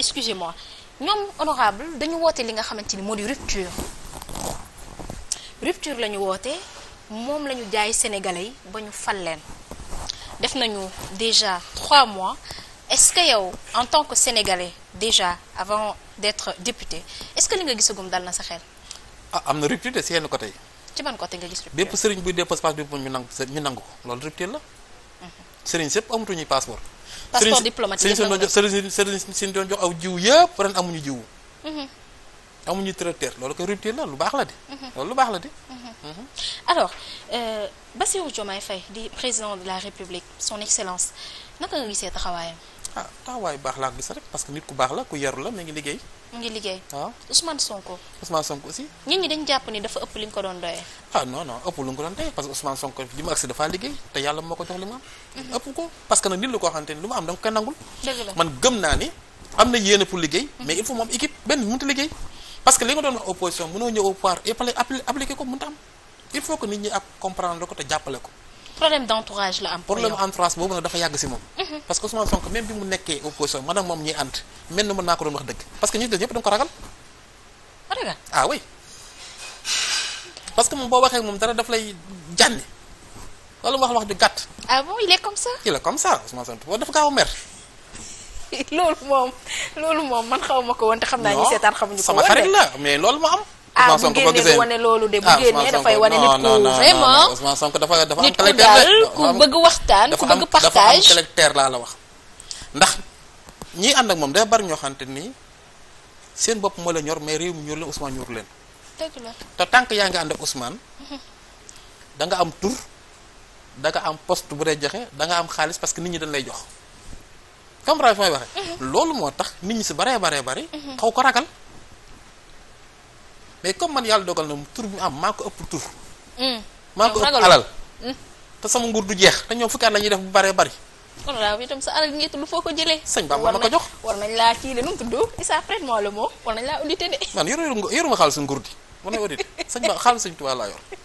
excusez-moi ñoom honorable dañu woote li nga xamante ni moo di rupture rupture lañu woote moom la ñu jaay sénégalais yi ba ñu fal leen def nañu déjà trois mois est-ce que yow en tant que sénégalais déjà avant d'être député est-ce que li nga gisagum dal na sa xel. ah am na rupture de seen yenn côté yi. ci ban côté nga gis rupture bépp sëriñ buy dee passe passe bi ñu nangu ñu nangu ko loolu rupture la. Mhm. sëriñ sëpp amatuñu passeport. passeport diplomatique sëriñ si doon jox aw jiw yëpp ren amuñu jiwu mhm. amuñu traiteur loolu ko rupture la lu baax la de mhm. loolu lu baax la de mhm. alors euh, Bassirou Diomaye Faye di président de la République son excellence naka nga gisee taxawaayam ah taxawaay ah, baax laa gis rek parce que nit ku baax la ku yaru la mu ngi liggéey. waaw ah. Ousmane Sonko. Ousmane Sonko aussi. nit ñi dañ jàpp ni dafa ëpp li nga ko doon doyee. ah non non ëpp lu nga ko doon doyee parce que Ousmane Sonko li mu agsi dafaa te nit lu mu am da nga nangul. man gëm naa ni am na yéene pour liggéey. Mhm. mais il faut moom équipe benn mënut a liggéey. parce que li nga doon wax opposition mënoo ñëw au pouvoir et ko mënta am il faut que nit ñi problème d'entourage la am. problème entourage boobu nag dafa yàgg si moom. Mhm. parce que Ousmane Sonko même bi mu nekkee opposition man ak moom ñuy ànd mel na mën naa ko doon wax dëgg parce que ñu def ñëpp ah, ah moom boo waxee moom dara daf lay jànni wala wax wax ju gàtt. ah bon il est comme ça. il est comme ça Ousmane Sonko dafa a mer. loolu moom loolu moom man xaw ma ko woon xam naa ñu seetaan xamuñu ko woon sama xarit la mais loolu ma am. ah bu génnee du wane loolu de bu ah, génnee dafay wane nit ku vraiment Ousmane Sonko dafa dafa am caractère laa la wax ndax ñi ànd ak moom day bari ñoo xamante nii seen bopp moo la ñor mais réew mi ñor leen Ousmane ñor leen te tànk yaa ngi ànd ak Ousmane da nga am tur da am post bu dee joxe da nga am xaalis parce que nit ñi dañ lay jox comprendre fi may waxee mhm. loolu moo tax nit ñi si baree baree bari mhm. xaw ko ragal mais comme man yàlla dogal na tur bi am maa ko ëpp tur. Hmm. maa ko ëpp alal. Hmm. te sama nguur du jeex te ñoom fukki at la ñuy def bu bëree bëri. kon oh daaw itam sa alal ngeen tudd foo ko jëlee. sëñ Bamba ma ko jox war nañ laa kii de nu mu tudd Issa prête moi le mot war nañ laa audité de. man yoruma yoruma nguur di war nañ audité sëñ Ba xaalis sëñ Tuubaa laa yor.